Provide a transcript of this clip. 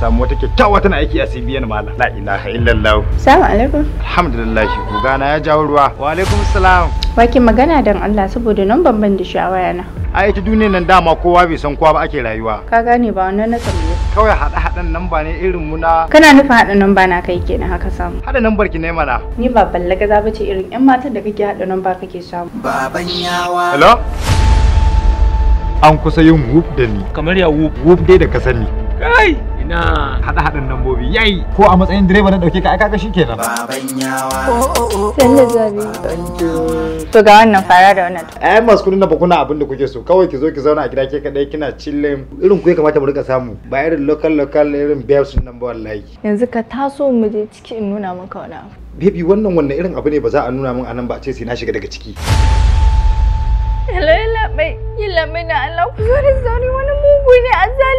samu wata kyakkyawa tana aiki a CBN mallam la ilaha illallah assalamu alaikum alhamdulillah gana ya jawo ruwa wa alaikum salam wake magana dan Allah saboda nan banban da shawaya na a ita duniyar nan dama kowa bai san kowa ba ake rayuwa ka gane ba wannan na tambaye kawai hadan nan namba ne irin muna kana nufin nan namba na kai kenan haka samu hada nambar ki ne mana ni ba balla za ba ce irin yan matan da kake nan ba kake samu baban yawa hello an kusa yin whoop da ni kamar ya whoop whoop dai da ka sani kai ina hada hadan nambobi yayi ko a matsayin direba na dauke ka aka kaga shikenan baban yawa o o o sanda to ga wannan fara da wannan ai maskuni na bakuna abin da kuke so kawai ki zo ki zauna a gida ke kadai kina chillin irin ku ya kamata mu rika samu ba irin local local irin babes nan ba wallahi yanzu ka taso mu je ciki in nuna maka wani abu baby wannan wannan irin abu ne ba za a nuna min anan ba a ce sai na shiga daga ciki Hello, yalla bai, yalla bai na Allah ku zo da zauni wani mugu ne a